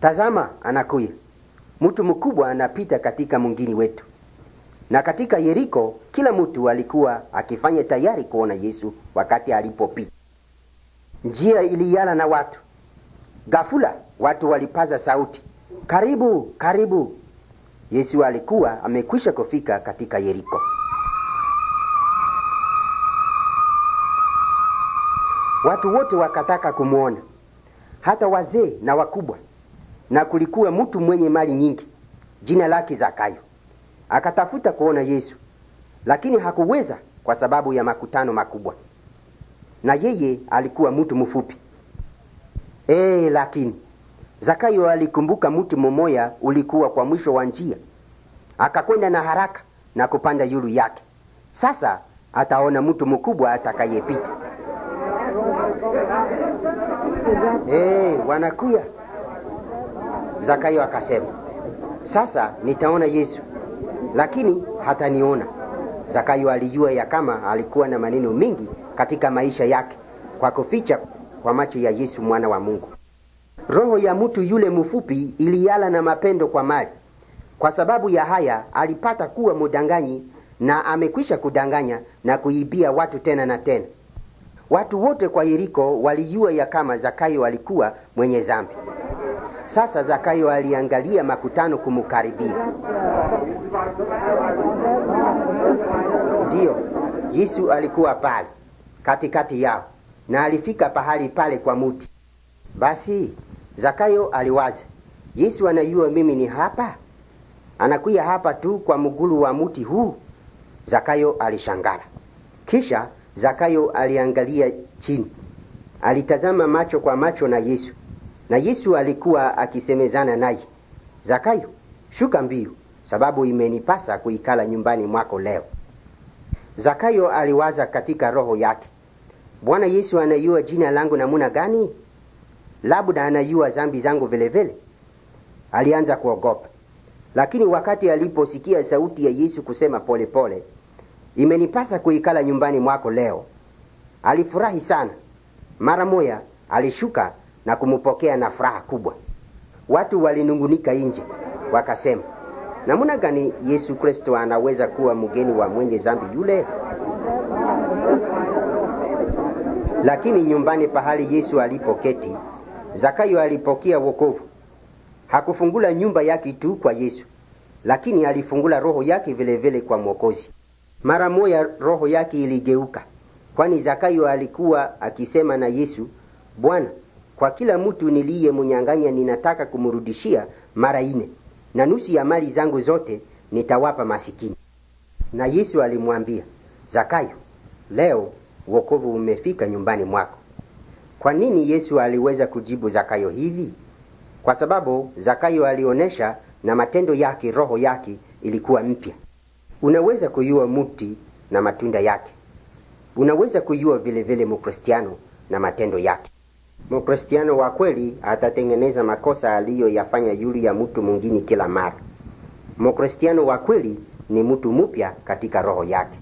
Tazama, anakuya mtu mkubwa anapita katika mungini wetu. Na katika Yeriko kila mtu alikuwa akifanya tayari kuona Yesu wakati alipopita. Njia iliyala na watu. Ghafula watu walipaza sauti, karibu, karibu! Yesu alikuwa amekwisha kufika katika Yeriko. Watu wote wakataka kumwona, hata wazee na wakubwa na kulikuwa mtu mwenye mali nyingi, jina lake Zakayo. Akatafuta kuona Yesu, lakini hakuweza kwa sababu ya makutano makubwa, na yeye alikuwa mtu mfupi. Ee, lakini Zakayo alikumbuka mti mmoja ulikuwa kwa mwisho wa njia, akakwenda na haraka na kupanda yulu yake. Sasa ataona mtu mkubwa atakayepita. Ee, wanakuya Zakayo akasema, sasa nitaona Yesu, lakini hataniona. Zakayo alijua ya kama alikuwa na maneno mengi katika maisha yake kwa kuficha kwa macho ya Yesu mwana wa Mungu. Roho ya mtu yule mfupi iliyala na mapendo kwa mali. Kwa sababu ya haya alipata kuwa mudanganyi na amekwisha kudanganya na kuibia watu tena na tena. Watu wote kwa Yeriko walijua ya kama Zakayo alikuwa mwenye zambi sasa Zakayo aliangalia makutano kumukaribia Ndiyo, Yesu alikuwa pale katikati yao na alifika pahali pale kwa muti. Basi Zakayo aliwaza, Yesu anayua mimi ni hapa, anakwiya hapa tu kwa mgulu wa muti huu. Zakayo alishangala. Kisha Zakayo aliangalia chini, alitazama macho kwa macho na Yesu na Yesu alikuwa akisemezana naye, Zakayo, shuka mbio, sababu imenipasa kuikala nyumbani mwako leo. Zakayo aliwaza katika roho yake, Bwana Yesu anayua jina langu namuna gani? Labda anayua zambi zangu vilevile. Alianza kuogopa, lakini wakati aliposikia sauti ya Yesu kusema polepole pole, imenipasa kuikala nyumbani mwako leo, alifurahi sana. Mara moya alishuka na kumupokea na furaha kubwa. Watu walinungunika nje, wakasema, namuna gani Yesu Kristo anaweza kuwa mgeni wa mwenye zambi yule? Lakini nyumbani pahali Yesu alipoketi, Zakayo alipokea wokovu. Hakufungula nyumba yake tu kwa Yesu, lakini alifungula roho yake vilevile kwa Mwokozi. Mara moya roho yake iligeuka, kwani Zakayo alikuwa akisema na Yesu, Bwana, kwa kila mtu niliyemnyang'anya ninataka kumrudishia mara ine, na nusu ya mali zangu zote nitawapa masikini. Na Yesu alimwambia Zakayo, leo wokovu umefika nyumbani mwako. Kwa nini Yesu aliweza kujibu Zakayo hivi? Kwa sababu Zakayo alionyesha na matendo yake, roho yake ilikuwa mpya. Unaweza kuyua muti na matunda yake. Unaweza kuyua vilevile mukristiano na matendo yake mkristiano wa kweli atatengeneza makosa aliyoyafanya yule ya mtu mwingine kila mara. Mkristiano wa kweli ni mtu mpya katika roho yake.